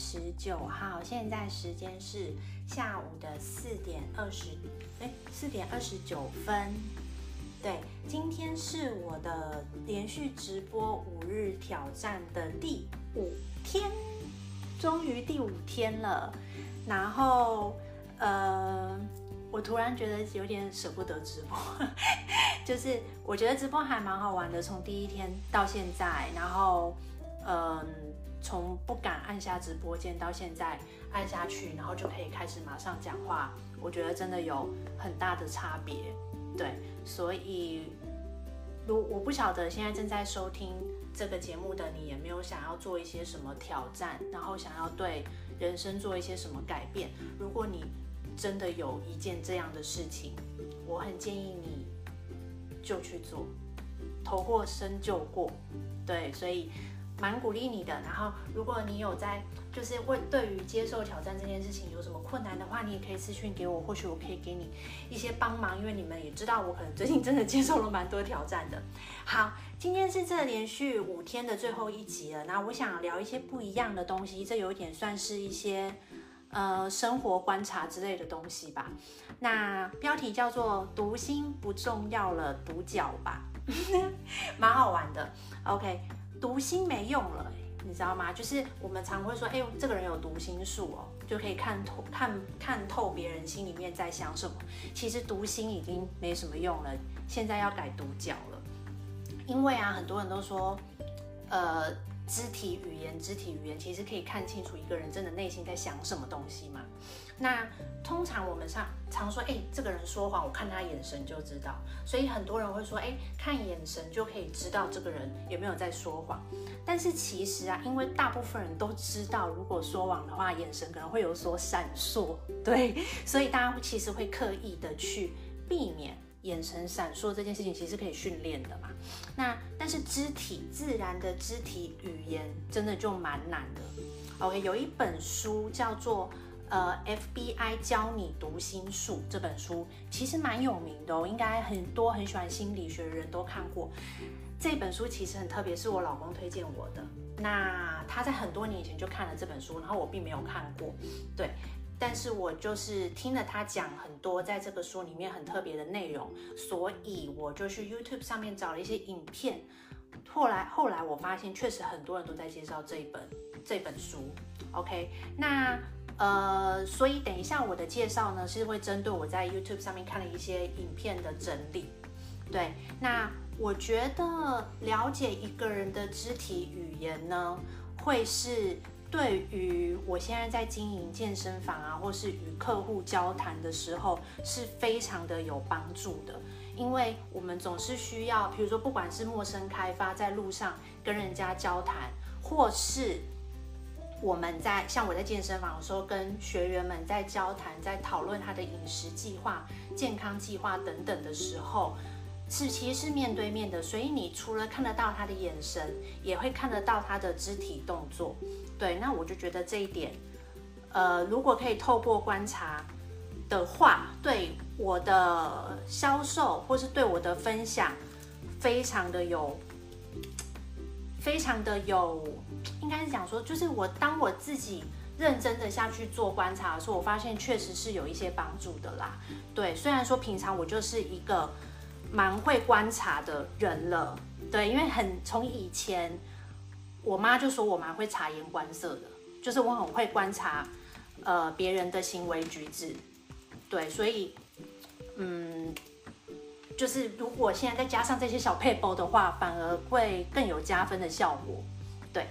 十九號，現在時間是下午的四點二十，誒，四點二十九分。對，今天是我的連續直播五日挑戰的第五天，終於第五天了。然後，呃，我突然覺得有點舍不得直播，就是我覺得直播還蠻好玩的，從第一天到現在，然後，嗯、呃。從不敢按下直播鍵，到現在按下去，然後就可以開始馬上講話，我覺得真的有很大的差別。對，所以如我不曉得現在正在收聽這個節目的你，有沒有想要做一些什麼挑戰，然後想要對人生做一些什麼改變？如果你真的有一件這樣的事情，我很建議你就去做，頭過身就過。對，所以。蠻鼓勵你的，然後如果你有在就是為對於接受挑戰這件事情有什麼困難的話，你也可以私訊給我，或許我可以給你一些幫忙，因為你們也知道我可能最近真的接受了蠻多挑戰的。好，今天是這連續五天的最後一集了，那我想聊一些不一樣的東西，這有點算是一些呃生活觀察之類的東西吧。那標題叫做“讀心不重要了，讀腳吧”， 蠻好玩的。OK。讀心沒用了，你知道嗎？就是我們常會說，哎、欸，這個人有讀心術哦，就可以看透看看透別人心裡面在想什麼。其實讀心已經沒什麼用了，現在要改讀腳了，因為啊，很多人都說，呃。肢體語言，肢體語言其實可以看清楚一個人真的內心在想什麼東西嘛？那通常我們常常說，哎、欸，這個人說謊，我看他眼神就知道。所以很多人會說，哎、欸，看眼神就可以知道這個人有沒有在說謊。但是其實啊，因為大部分人都知道，如果說謊的話，眼神可能會有所閃爍，對，所以大家其實會刻意的去避免。眼神閃爍這件事情其實是可以訓練的嘛？那但是肢體自然的肢體語言真的就蠻難的。OK，有一本書叫做《呃 FBI 教你讀心術》，這本書其實蠻有名的哦，應該很多很喜歡心理學的人都看過。這本書其實很特別，是我老公推薦我的。那他在很多年以前就看了這本書，然後我並沒有看過。對。但是我就是聽了他講很多，在這個書裡面很特別的內容，所以我就去 YouTube 上面找了一些影片。後來後來我發現，確實很多人都在介紹這一本這本書。OK，那呃，所以等一下我的介紹呢，是會針對我在 YouTube 上面看了一些影片的整理。對，那我覺得了解一個人的肢體語言呢，會是。對於我現在在經營健身房啊，或是與客戶交談的時候，是非常的有幫助的，因為我們總是需要，比如說，不管是陌生開發，在路上跟人家交談，或是我們在像我在健身房的時候，跟學員們在交談，在討論他的飲食計劃、健康計劃等等的時候。是，其實是面對面的，所以你除了看得到他的眼神，也會看得到他的肢體動作。對，那我就覺得這一點，呃，如果可以透過觀察的話，對我的銷售或是對我的分享，非常的有，非常的有，應該是講說，就是我當我自己認真的下去做觀察的時候，我發現確實是有一些幫助的啦。對，雖然說平常我就是一個，蠻會觀察的人了，對，因為很從以前，我媽就說我蠻會察言觀色的，就是我很會觀察，呃，別人的行為舉止，對，所以，嗯，就是如果現在再加上這些小撇步的話，反而會更有加分的效果，對，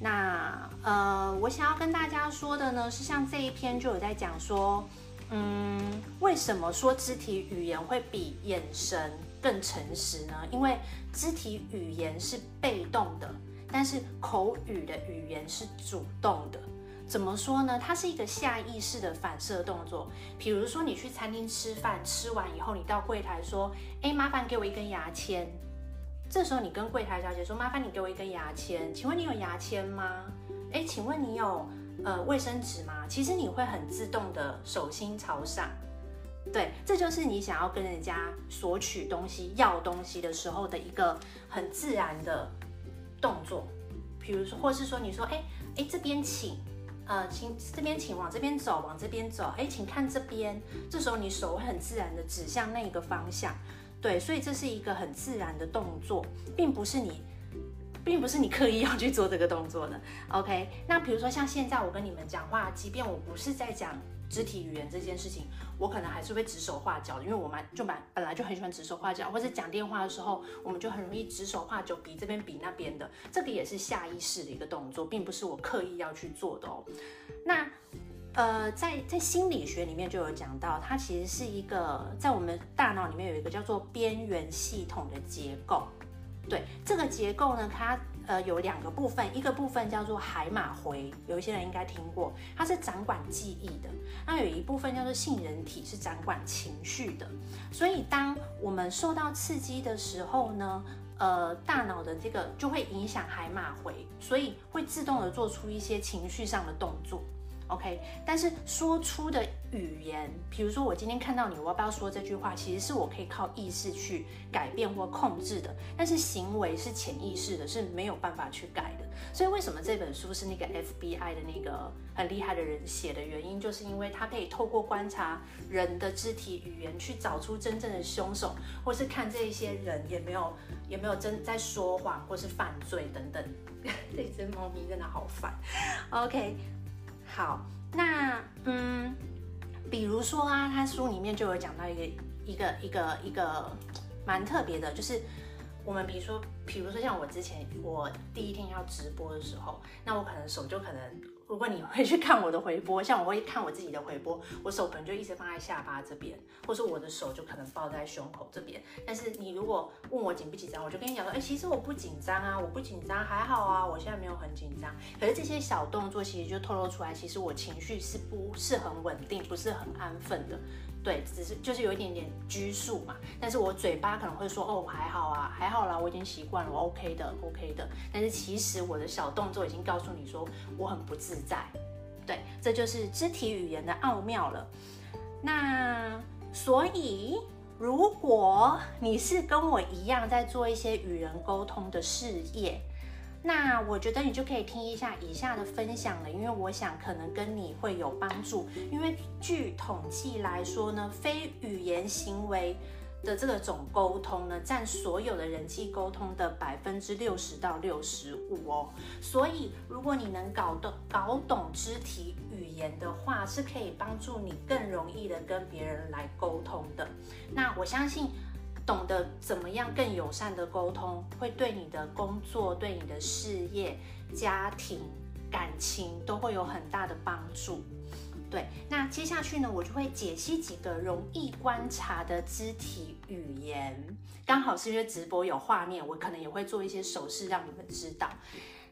那呃，我想要跟大家說的呢，是像這一篇就有在講說。嗯，為什麼說肢體語言會比眼神更誠實呢？因為肢體語言是被動的，但是口語的語言是主動的。怎麼說呢？它是一個下意識的反射動作。比如說，你去餐廳吃飯，吃完以後你到櫃檯說：“哎，麻煩給我一根牙籤。”這時候你跟櫃檯小姐說：“麻煩你給我一根牙籤，請問你有牙籤嗎？”哎，請問你有？呃，衛生紙嘛，其實你會很自動的，手心朝上，對，這就是你想要跟人家索取東西、要東西的時候的一個很自然的動作。比如說，或是說，你說，哎，哎，這邊請，呃，請這邊請，往這邊走，往這邊走，哎，請看這邊。這時候你手會很自然的指向那一個方向，對，所以這是一個很自然的動作，並不是你。並不是你刻意要去做這個動作的。OK，那比如說像現在我跟你們講話，即便我不是在講肢體語言這件事情，我可能還是會指手畫腳的，因為我蠻就蠻本來就很喜歡指手畫腳，或者講電話的時候，我們就很容易指手畫腳，比這邊比那邊的，這個也是下意識的一個動作，並不是我刻意要去做的哦。那呃，在在心理學裡面就有講到，它其實是一個在我們大腦裡面有一個叫做邊緣系統的結構。對，這個結構呢，它呃有兩個部分，一個部分叫做海馬回，有一些人應該聽過，它是掌管記憶的。那有一部分叫做杏仁體，是掌管情緒的。所以當我們受到刺激的時候呢，呃，大腦的這個就會影響海馬回，所以會自動的做出一些情緒上的動作。OK，但是說出的語言，比如說我今天看到你，我要不要說這句話，其實是我可以靠意識去改變或控制的。但是行為是潛意識的，是沒有辦法去改的。所以為什麼這本書是那個 FBI 的那個很厲害的人寫的原因，就是因為他可以透過觀察人的肢體語言，去找出真正的兇手，或是看這一些人有沒有有沒有真在說謊或是犯罪等等。 這隻貓咪真的好煩。OK。好，那嗯，比如說啊，他書裡面就有講到一個一個一個一個蠻特別的，就是我們比如說，比如說像我之前我第一天要直播的時候，那我可能手就可能。如果你會去看我的回播，像我會看我自己的回播，我手可能就一直放在下巴這邊，或是我的手就可能抱在胸口這邊。但是你如果問我緊不緊張，我就跟你講說，哎、欸，其實我不緊張啊，我不緊張，還好啊，我現在沒有很緊張。可是這些小動作其實就透露出來，其實我情緒是不是很穩定，不是很安分的。對，只是就是有一點點拘束嘛。但是我嘴巴可能會說哦，還好啊，還好啦，我已經習慣了，我 OK 的，OK 的。但是其實我的小動作已經告訴你說我很不自在。對，這就是肢體語言的奧妙了。那所以，如果你是跟我一樣在做一些與人溝通的事業。那我覺得你就可以聽一下以下的分享了，因為我想可能跟你會有幫助。因為據統計來說呢，非語言行為的這種溝通呢，佔所有的人際溝通的百分之六十到六十五哦。所以如果你能搞懂搞懂肢體語言的話，是可以幫助你更容易的跟別人來溝通的。那我相信。懂得怎麼樣更友善的溝通，會對你的工作、對你的事業、家庭、感情都會有很大的幫助。對，那接下去呢，我就會解析幾個容易觀察的肢體語言。剛好是因為直播有畫面，我可能也會做一些手勢讓你們知道。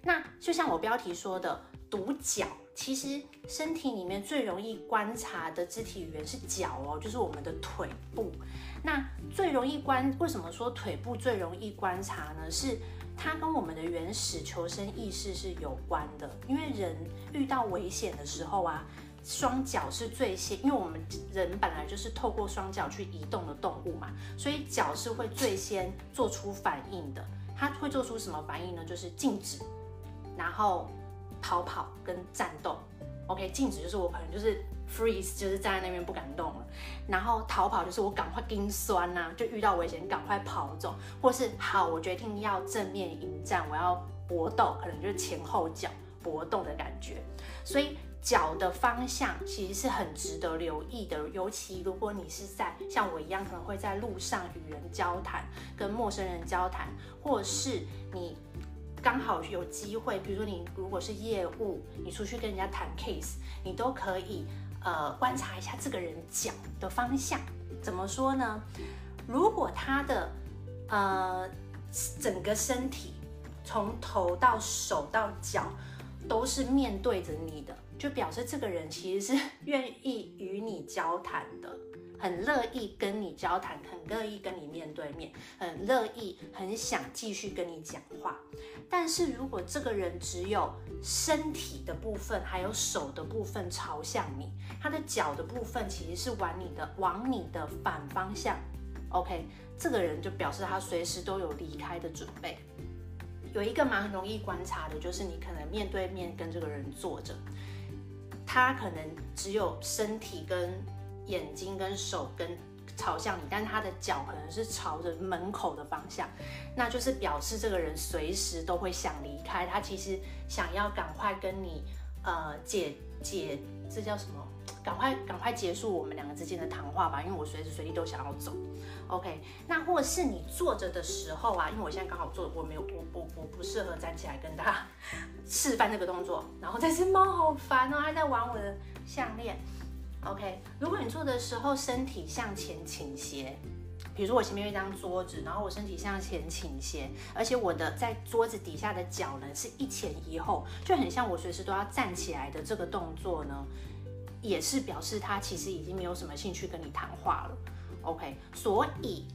那就像我標題說的，讀腳，其實身體裡面最容易觀察的肢體語言是腳哦，就是我們的腿部。那最容易觀，為什麼說腿部最容易觀察呢？是它跟我們的原始求生意識是有關的，因為人遇到危險的時候啊。雙腳是最先，因為我們人本來就是透過雙腳去移動的動物嘛，所以腳是會最先做出反應的。它會做出什麼反應呢？就是靜止，然後逃跑跟戰鬥。OK，靜止就是我可能就是 freeze，就是站在那邊不敢動了。然後逃跑就是我趕快冰酸吶，就遇到危險趕快跑走，或是好，我決定要正面迎戰，我要搏鬥，可能就是前後腳搏鬥的感覺。所以。腳的方向其實是很值得留意的，尤其如果你是在像我一樣，可能會在路上與人交談，跟陌生人交談，或是你剛好有機會，比如說你如果是業務，你出去跟人家談 case，你都可以呃觀察一下這個人腳的方向。怎麼說呢？如果他的呃整個身體從頭到手到腳都是面對着你的。就表示這個人其實是願意與你交談的，很樂意跟你交談，很樂意跟你面對面，很樂意很想繼續跟你講話。但是如果這個人只有身體的部分，還有手的部分朝向你，他的腳的部分其實是往你的往你的反方向。OK，這個人就表示他隨時都有離開的準備。有一個蠻容易觀察的，就是你可能面對面跟這個人坐着，他可能只有身體跟眼睛跟手跟朝向你，但他的腳可能是朝着門口的方向，那就是表示這個人隨時都會想離開。他其實想要趕快跟你，呃，解解，這叫什麼？趕快，趕快結束我們兩個之間的談話吧，因為我隨時隨地都想要走。OK，那或是你坐着的時候啊，因為我現在剛好坐着，我沒有，我我我不適合站起來跟大家示範這個動作。然後這隻貓好煩哦，還在玩我的項鏈。OK，如果你坐的時候身體向前傾斜，比如說我前面有一張桌子，然後我身體向前傾斜，而且我的在桌子底下的腳呢是一前一後，就很像我隨時都要站起來的這個動作呢。也是表示他其實已經沒有什麼興趣跟你談話了，OK？所以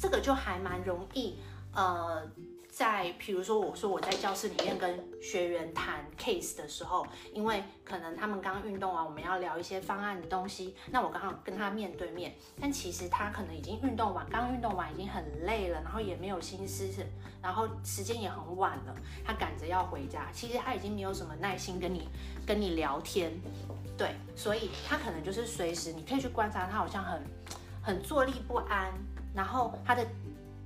這個就還蠻容易，呃，在比如說我說我在教室裡面跟學員談 case 的時候，因為可能他們剛運動完，我們要聊一些方案的東西，那我剛好跟他面對面，但其實他可能已經運動完，剛運動完已經很累了，然後也沒有心思，然後時間也很晚了，他趕着要回家，其實他已經沒有什麼耐心跟你跟你聊天。對，所以他可能就是隨時，你可以去觀察他，好像很，很坐立不安。然後他的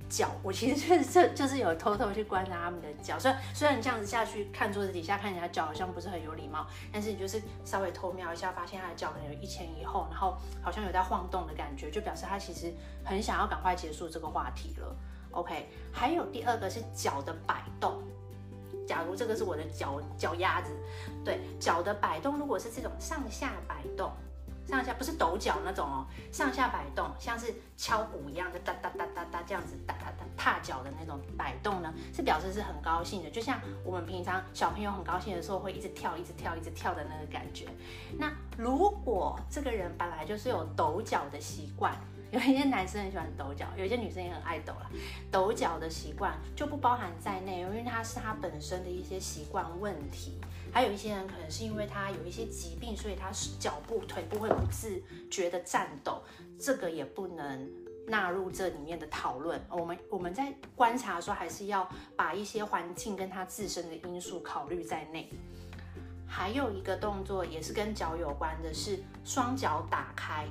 腳，我其實、就是就是有偷偷去觀察他們的腳。所以雖然這樣子下去看桌子底下看人家腳好像不是很有禮貌，但是你就是稍微偷瞄一下，發現他的腳可能有一前一後，然後好像有在晃動的感覺，就表示他其實很想要趕快結束這個話題了。OK，還有第二個是腳的擺動。假如這個是我的腳腳丫子，對腳的擺動，如果是這種上下擺動，上下不是抖腳那種哦，上下擺動，像是敲鼓一樣的噠噠噠噠噠這樣子噠噠噠踏腳的那種擺動呢，是表示是很高興的，就像我們平常小朋友很高興的時候會一直跳一直跳一直跳的那個感覺。那如果這個人本來就是有抖腳的習慣，有一些男生很喜歡抖腳，有一些女生也很愛抖啦。抖腳的習慣就不包含在內，因為它是她本身的一些習慣問題。還有一些人可能是因為她有一些疾病，所以他是腳部、腿部會不自覺的顫抖，這個也不能納入這裡面的討論。我們我們在觀察的時候，還是要把一些環境跟他自身的因素考慮在內。還有一個動作也是跟腳有關的是，是雙腳打開。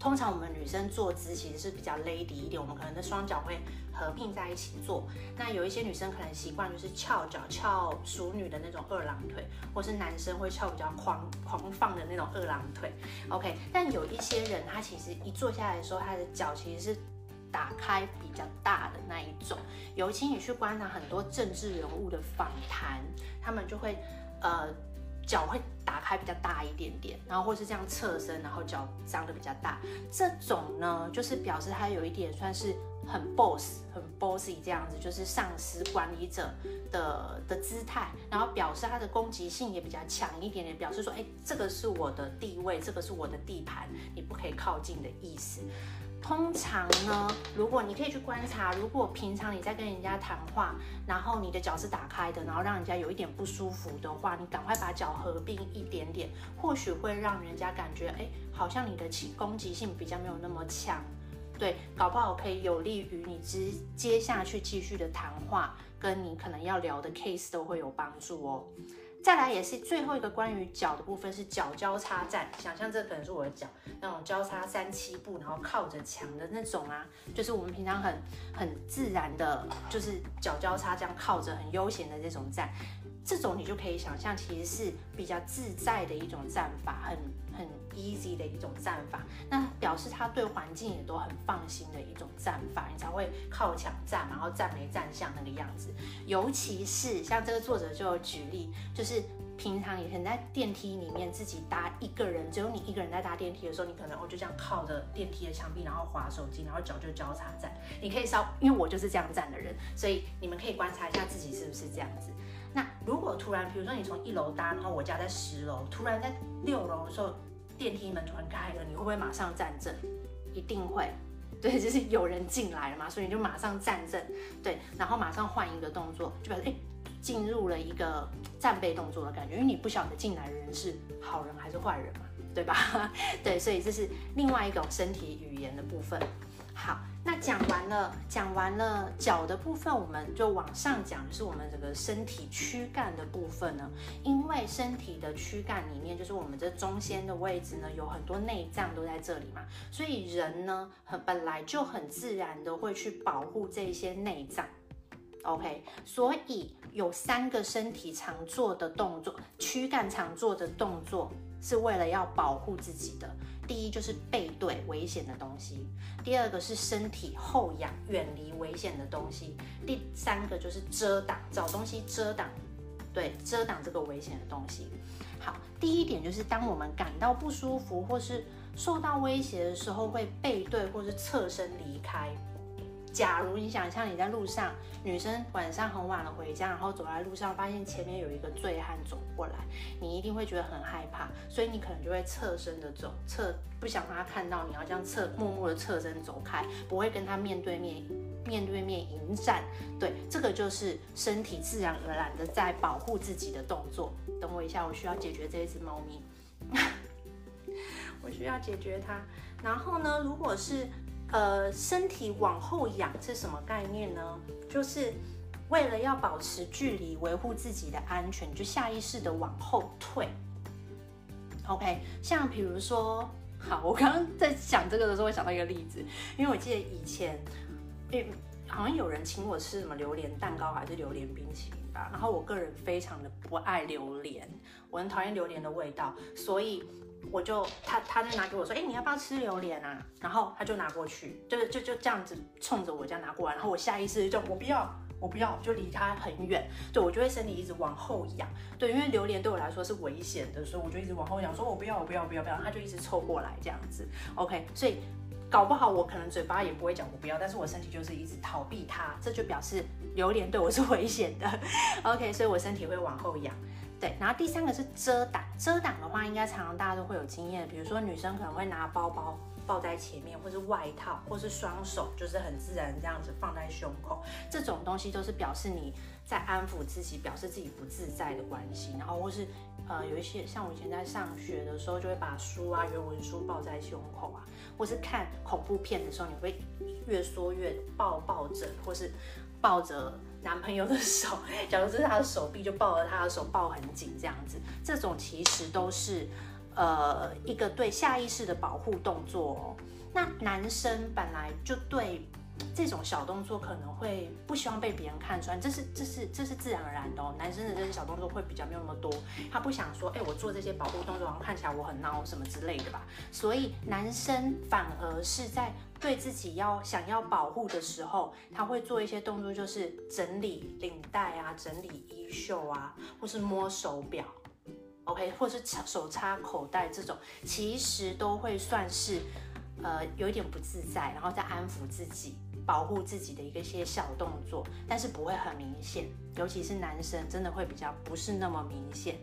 通常我們女生坐姿其實是比較 lady 一點，我們可能的雙腳會合併在一起坐。那有一些女生可能習慣就是翹腳，翹淑女的那種二郎腿，或是男生會翹比較狂狂放的那種二郎腿。OK，但有一些人他其實一坐下來的時候，他的腳其實是打開比較大的那一種。尤其你去觀察很多政治人物的訪談，他們就會呃。腳會打開比較大一點點，然後或是這樣側身，然後腳張得比較大。這種呢，就是表示它有一點算是很 boss、很 bossy 這樣子，就是上司、管理者的的姿態，然後表示它的攻擊性也比較強一點點，表示說，哎、欸，這個是我的地位，這個是我的地盤，你不可以靠近的意思。通常呢，如果你可以去觀察，如果平常你在跟人家談話，然後你的腳是打開的，然後讓人家有一點不舒服的話，你趕快把腳合併一點點，或許會讓人家感覺，哎、欸，好像你的攻擊性比較沒有那麼強，對，搞不好可以有利於你直接下去繼續的談話，跟你可能要聊的 case 都會有幫助哦。再來也是最後一個關於腳的部分是腳交叉站，想象這可能是我的腳那種交叉三七步，然後靠着牆的那種啊，就是我們平常很很自然的，就是腳交叉這樣靠着很悠閒的這種站，這種你就可以想象其實是比較自在的一種站法，很。easy 的一種站法，那表示他對環境也都很放心的一種站法，你才會靠牆站，然後站沒站相那個樣子。尤其是像這個作者就有舉例，就是平常以前在電梯裡面自己搭一個人，只有你一個人在搭電梯的時候，你可能我、哦、就這樣靠着電梯的牆壁，然後滑手機，然後腳就交叉站。你可以稍，因為我就是這樣站的人，所以你們可以觀察一下自己是不是這樣子。那如果突然，比如說你從一樓搭，然後我家在十樓，突然在六樓的時候。電梯門突然開了，你會不會馬上站正？一定會，對，就是有人進來了嘛，所以你就馬上站正，對，然後馬上換一個動作，就表示哎，進入了一個戰備動作的感覺，因為你不曉得進來的人是好人還是壞人嘛，對吧？對，所以這是另外一種身體語言的部分。好，那講完了，講完了腳的部分，我們就往上講，是我們整個身體軀幹的部分呢。因為身體的軀幹裡面，就是我們這中間的位置呢，有很多內臟都在這裡嘛，所以人呢，很本來就很自然的會去保護這些內臟。OK，所以有三個身體常做的動作，軀幹常做的動作，是為了要保護自己的。第一就是背對危險的東西，第二個是身體後仰遠離危險的東西，第三個就是遮擋，找東西遮擋，對，遮擋這個危險的東西。好，第一點就是當我們感到不舒服或是受到威脅的時候，會背對或是側身離開。假如你想象你在路上，女生晚上很晚了回家，然後走在路上，發現前面有一個醉漢走過來，你一定會覺得很害怕，所以你可能就會側身的走，側，不想讓他看到，你要這樣側，默默的側身走開，不會跟他面對面，面對面迎戰。對，這個就是身體自然而然的在保護自己的動作。等我一下，我需要解決這一隻貓咪， 我需要解決它。然後呢，如果是呃，身體往後仰是什麼概念呢？就是為了要保持距離，維護自己的安全，就下意識的往後退。OK，像比如說，好，我剛剛在講這個的時候，會想到一個例子，因為我記得以前，哎，好像有人請我吃什麼榴蓮蛋糕，還是榴蓮冰淇淋吧。然後我個人非常的不愛榴蓮，我很討厭榴蓮的味道，所以。我就他他就拿給我說，哎、欸，你要不要吃榴蓮啊？然後他就拿過去，就就就這樣子沖着我，我這樣拿過來，然後我下意識就我不要我不要，就離他很遠，對，我就會身體一直往後仰，對，因為榴蓮對我來說是危險的，所以我就一直往後仰，說我不要我不要我不要不要，他就一直湊過來這樣子，OK，所以搞不好我可能嘴巴也不會講我不要，但是我身體就是一直逃避它，這就表示榴蓮對我是危險的，OK，所以我身體會往後仰。對，然後第三個是遮擋，遮擋的話，應該常常大家都會有經驗，比如說女生可能會拿包包抱在前面，或是外套，或是雙手，就是很自然這樣子放在胸口，這種東西都是表示你在安撫自己，表示自己不自在的關係。然後或是呃有一些像我以前在上學的時候，就會把書啊、原文書抱在胸口啊，或是看恐怖片的時候，你會越說越抱抱枕，或是抱着男朋友的手，假如這是他的手臂，就抱着他的手，抱很緊這樣子，這種其實都是，呃，一個對下意識的保護動作哦。那男生本來就對。這種小動作可能會不希望被別人看穿，這是這是這是自然而然的哦。男生的這些小動作會比較沒有那麼多，他不想說，哎、欸，我做這些保護動作，好像看起來我很孬什麼之類的吧。所以男生反而是在對自己要想要保護的時候，他會做一些動作，就是整理領帶啊，整理衣袖啊，或是摸手錶，OK，或是手插口袋這種，其實都會算是呃有一點不自在，然後在安撫自己。保護自己的一個些小動作，但是不會很明顯，尤其是男生，真的會比較不是那麼明顯。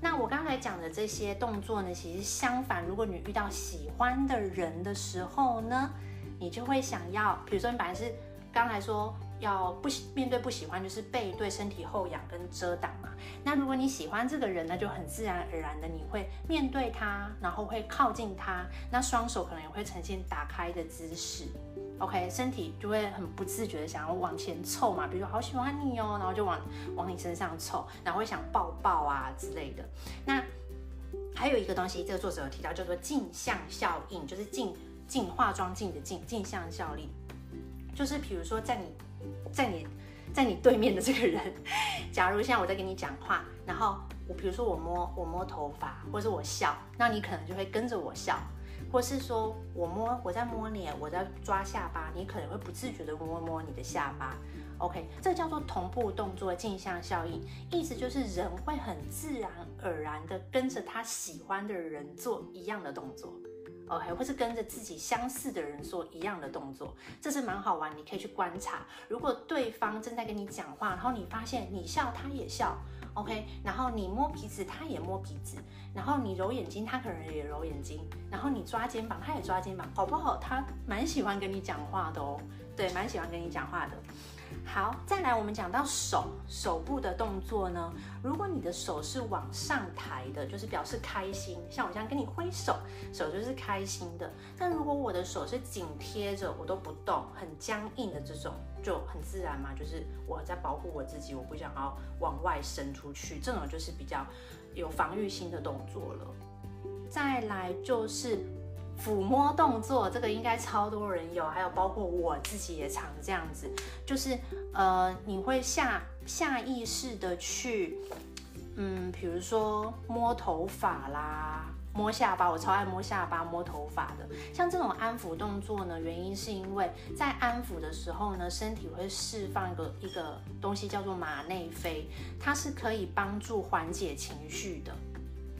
那我剛才講的這些動作呢，其實相反，如果你遇到喜歡的人的時候呢，你就會想要，比如說你本來是。剛才說要不喜面對不喜歡，就是背對、身體後仰跟遮擋嘛。那如果你喜歡這個人呢，就很自然而然的你會面對他，然後會靠近他，那雙手可能也會呈現打開的姿勢。OK，身體就會很不自覺的想要往前湊嘛。比如說好喜歡你哦，然後就往往你身上湊，然後會想抱抱啊之類的。那還有一個東西，這個作者有提到，叫做鏡像效應，就是鏡鏡化妝鏡的鏡鏡像效力。就是比如說，在你、在你、在你對面的這個人，假如現在我在跟你講話，然後我比如說我摸我摸頭髮，或者是我笑，那你可能就會跟着我笑，或是說我摸我在摸臉，我在抓下巴，你可能會不自覺的摸摸你的下巴。OK，這叫做同步動作鏡像效應，意思就是人會很自然而然的跟着他喜歡的人做一樣的動作。OK，或是跟着自己相似的人做一樣的動作，這是蠻好玩。你可以去觀察，如果對方正在跟你講話，然後你發現你笑他也笑，OK，然後你摸鼻子他也摸鼻子，然後你揉眼睛他可能也揉眼睛，然後你抓肩膀他也抓肩膀，好不好？他蠻喜歡跟你講話的哦，對，蠻喜歡跟你講話的。好，再來我們講到手，手部的動作呢？如果你的手是往上抬的，就是表示開心，像我這樣跟你揮手，手就是開心的。但如果我的手是緊貼着，我都不動，很僵硬的這種，就很自然嘛，就是我在保護我自己，我不想要往外伸出去，這種就是比較有防禦心的動作了。再來就是。撫摸動作，這個應該超多人有，還有包括我自己也常這樣子，就是呃，你會下下意識的去，嗯，比如說摸頭髮啦，摸下巴，我超愛摸下巴、摸頭髮的。像這種安撫動作呢，原因是因為在安撫的時候呢，身體會釋放一個一個東西叫做馬內啡，它是可以幫助緩解情緒的。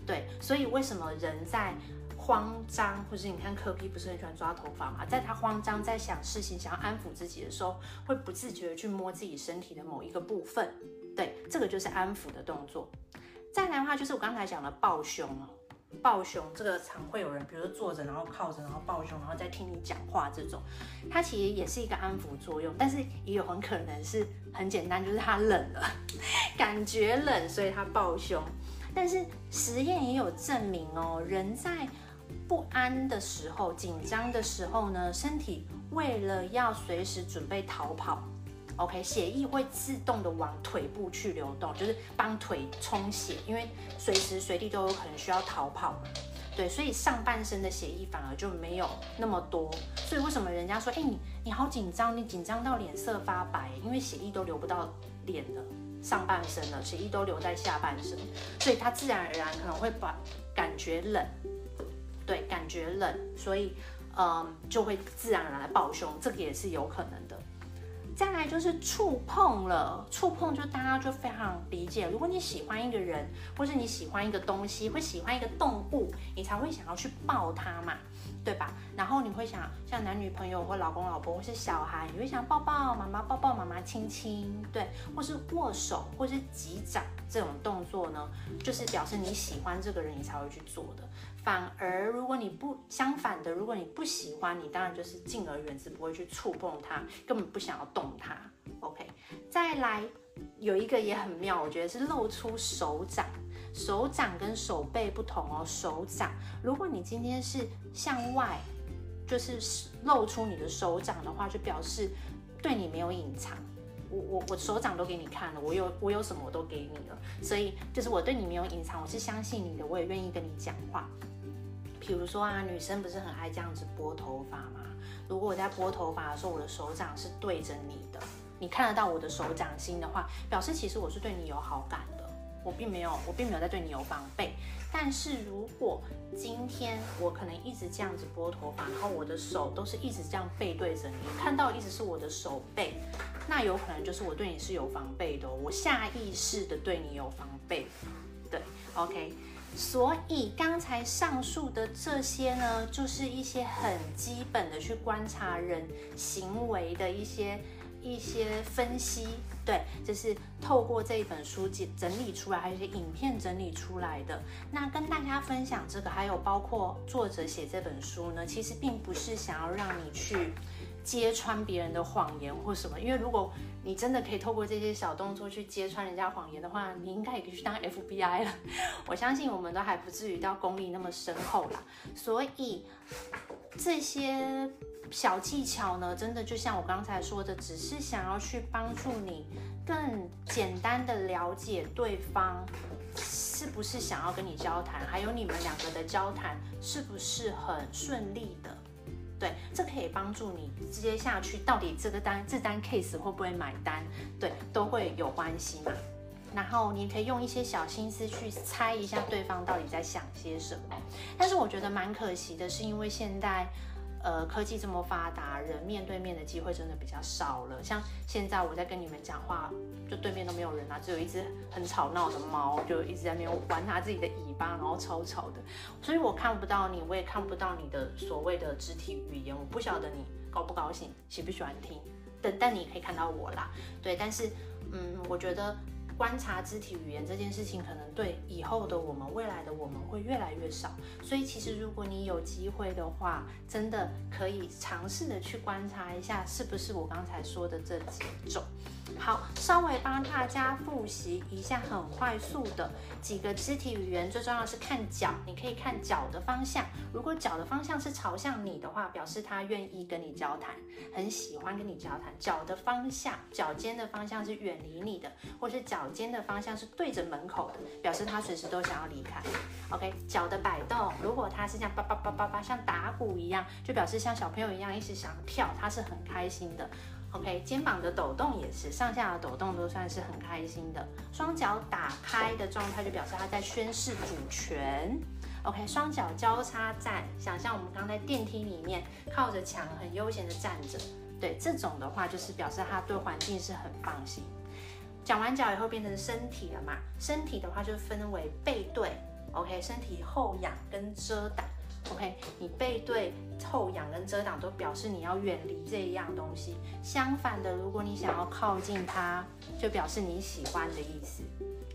對，所以為什麼人在慌張，或是你看柯 P 不是很喜歡抓頭髮嘛？在他慌張、在想事情、想要安撫自己的時候，會不自覺的去摸自己身體的某一個部分。對，這個就是安撫的動作。再來的話，就是我剛才講的抱胸，抱胸這個常會有人，比如坐着，然後靠着，然後抱胸，然後再聽你講話這種，它其實也是一個安撫作用。但是也有很可能是很簡單，就是他冷了，感覺冷，所以他抱胸。但是實驗也有證明哦，人在不安的時候，緊張的時候呢，身體為了要隨時準備逃跑，OK，血液會自動的往腿部去流動，就是幫腿充血，因為隨時隨地都有可能需要逃跑嘛，對，所以上半身的血液反而就沒有那麼多。所以為什麼人家說，哎、欸，你你好緊張，你緊張到臉色發白，因為血液都流不到臉了，上半身了，血液都留在下半身，所以他自然而然可能會把感覺冷。對，感覺冷，所以，嗯，就會自然而然抱胸，這個也是有可能的。再來就是觸碰了，觸碰就大家就非常理解。如果你喜歡一個人，或是你喜歡一個東西，或喜歡一個動物，你才會想要去抱它嘛，對吧？然後你會想，像男女朋友或老公老婆或是小孩，你會想抱抱媽媽，抱抱媽媽，親親，對，或是握手，或是擊掌這種動作呢，就是表示你喜歡這個人，你才會去做的。反而，如果你不相反的，如果你不喜歡，你當然就是敬而遠之，不會去觸碰它，根本不想要動它。OK，再來有一個也很妙，我覺得是露出手掌，手掌跟手背不同哦。手掌，如果你今天是向外，就是露出你的手掌的話，就表示對你沒有隱藏。我我我手掌都給你看了，我有我有什麼我都給你了，所以就是我對你沒有隱藏，我是相信你的，我也願意跟你講話。比如說啊，女生不是很愛這樣子撥頭髮嗎？如果我在撥頭髮的時候，我的手掌是對着你的，你看得到我的手掌心的話，表示其實我是對你有好感的，我並沒有，我並沒有在對你有防備。但是如果今天我可能一直這樣子撥頭髮，然後我的手都是一直這樣背對着你，看到一直是我的手背，那有可能就是我對你是有防備的哦，我下意識的對你有防備，對，OK。所以剛才上述的這些呢，就是一些很基本的去觀察人行為的一些一些分析，對，就是透過這一本書整整理出來，還有一些影片整理出來的。那跟大家分享這個，還有包括作者寫這本書呢，其實並不是想要讓你去。揭穿別人的謊言或什麼，因為如果你真的可以透過這些小動作去揭穿人家謊言的話，你應該也可以去當 FBI 了。我相信我們都還不至於到功力那麼深厚啦，所以這些小技巧呢，真的就像我剛才說的，只是想要去幫助你更簡單的了解對方是不是想要跟你交談，還有你們兩個的交談是不是很順利的。對，這可以幫助你接下去到底這個單，這單 case 會不會買單，對，都會有關係嘛。然後你可以用一些小心思去猜一下對方到底在想些什麼。但是我覺得蠻可惜的，是因為現在。呃，科技這麼發達，人面對面的機會真的比較少了。像現在我在跟你們講話，就對面都沒有人啦，啊，只有一隻很吵鬧的貓，就一直在那邊玩它自己的尾巴，然後吵吵的，所以我看不到你，我也看不到你的所謂的肢體語言，我不曉得你高不高興，喜不喜歡聽。等，但你可以看到我啦，對，但是，嗯，我覺得。觀察肢體語言這件事情，可能對以後的我們、未來的我們會越來越少。所以，其實如果你有機會的話，真的可以嘗試的去觀察一下，是不是我剛才說的這幾種。好，稍微幫大家複習一下，很快速的幾個肢體語言，最重要是看腳，你可以看腳的方向。如果腳的方向是朝向你的話，表示他願意跟你交談，很喜歡跟你交談。腳的方向，腳尖的方向是遠離你的，或是腳。肩的方向是對着門口的，表示他隨時都想要離開。OK，腳的擺動，如果他是這樣叭叭叭叭叭像打鼓一樣，就表示像小朋友一樣一直想要跳，他是很開心的。OK，肩膀的抖動也是上下的抖動都算是很開心的。雙腳打開的狀態就表示他在宣示主權。OK，雙腳交叉站，想象我們剛在電梯裡面靠着牆很悠閒的站着，對這種的話就是表示他對環境是很放心。講完腳以後變成身體了嘛？身體的話就分為背對，OK，身體後仰跟遮擋，OK，你背對、後仰跟遮擋都表示你要遠離這一樣東西。相反的，如果你想要靠近它，就表示你喜歡的意思。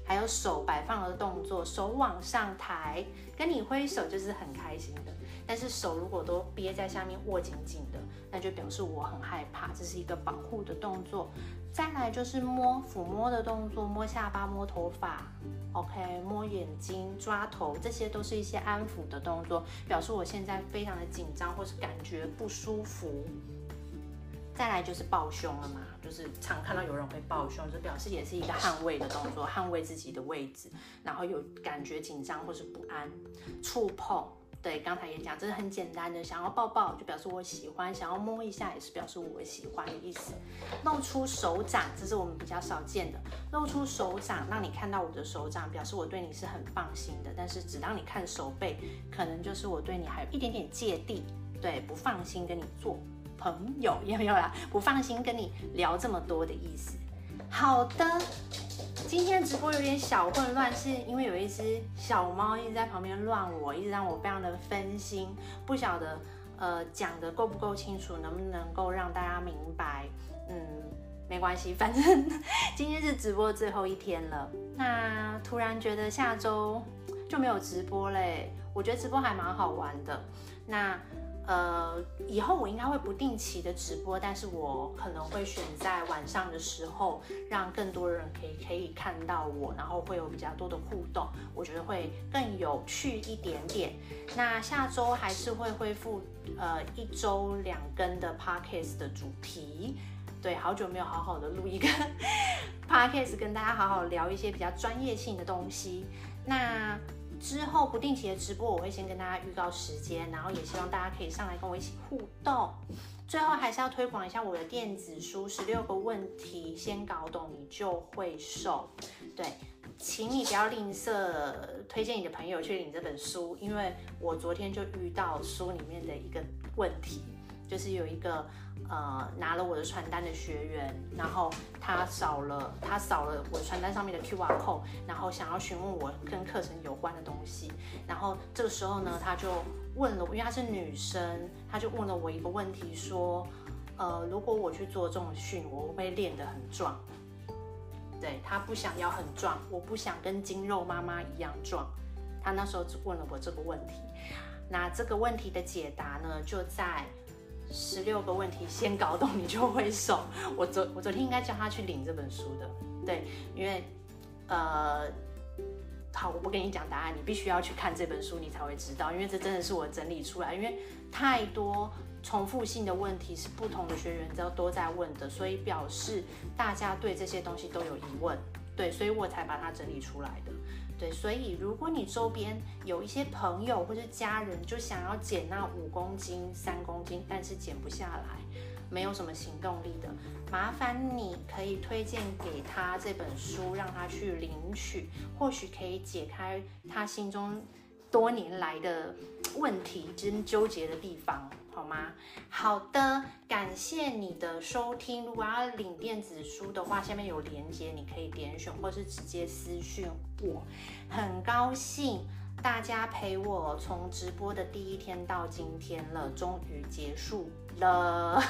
還有手擺放的動作，手往上抬，跟你揮手就是很開心的。但是手如果都憋在下面握緊緊的，那就表示我很害怕，這是一個保護的動作。再來就是摸、撫摸的動作，摸下巴、摸頭髮，OK，摸眼睛、抓頭，這些都是一些安撫的動作，表示我現在非常的緊張或是感覺不舒服。再來就是抱胸了嘛，就是常看到有人會抱胸，就表示也是一個捍衛的動作，捍衛自己的位置，然後有感覺緊張或是不安，觸碰。對，剛才也講，這是很簡單的，想要抱抱就表示我喜歡，想要摸一下也是表示我喜歡的意思。露出手掌，這是我們比較少見的，露出手掌讓你看到我的手掌，表示我對你是很放心的。但是只讓你看手背，可能就是我對你還有一點點芥蒂，對，不放心跟你做朋友，有沒有啦？不放心跟你聊這麼多的意思。好的。今天直播有點小混亂，是因為有一隻小貓一直在旁邊亂我，一直讓我非常的分心。不曉得，呃，講得夠不夠清楚，能不能夠讓大家明白？嗯，沒關係，反正今天是直播最後一天了。那突然覺得下周就沒有直播嘞，欸，我覺得直播還蠻好玩的。那。呃，以後我應該會不定期的直播，但是我可能會選在晚上的時候，讓更多人可以可以看到我，然後會有比較多的互動，我覺得會更有趣一點點。那下周還是會恢復呃一周兩更的 Podcast 的主題，對，好久沒有好好的錄一個 Podcast，跟大家好好聊一些比較專業性的東西。那。之後不定期的直播，我會先跟大家預告時間，然後也希望大家可以上來跟我一起互動。最後還是要推廣一下我的電子書《十六個問題先搞懂你就會瘦》，對，請你不要吝嗇推薦你的朋友去領這本書，因為我昨天就遇到書裡面的一個問題。就是有一個呃拿了我的傳單的學員，然後他掃了他掃了我傳單上面的 QR code，然後想要詢問我跟課程有關的東西。然後這個時候呢，他就問了我，因為他是女生，他就問了我一個問題，說：呃，如果我去做這種訓，我會不會練得很壯？對，他不想要很壯，我不想跟筋肉媽媽一樣壯。他那時候就問了我這個問題，那這個問題的解答呢，就在。十六個問題，先搞懂你就會瘦。我昨我昨天應該叫他去領這本書的，對，因為呃，好，我不跟你講答案，你必須要去看這本書，你才會知道，因為這真的是我整理出來，因為太多重複性的問題是不同的學員都都在問的，所以表示大家對這些東西都有疑問，對，所以我才把它整理出來的。對，所以，如果你周邊有一些朋友或者家人，就想要減那五公斤、三公斤，但是減不下來，沒有什麼行動力的，麻煩你可以推薦給他這本書，讓他去領取，或許可以解開他心中多年來的問題、真糾結的地方，好嗎？好的，感謝你的收聽。如果要領電子書的話，下面有鏈接，你可以點選，或是直接私訊。我很高興大家陪我從直播的第一天到今天了，終於結束了。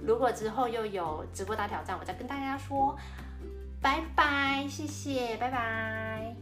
如果之後又有直播大挑戰，我再跟大家說拜拜，謝謝，拜拜。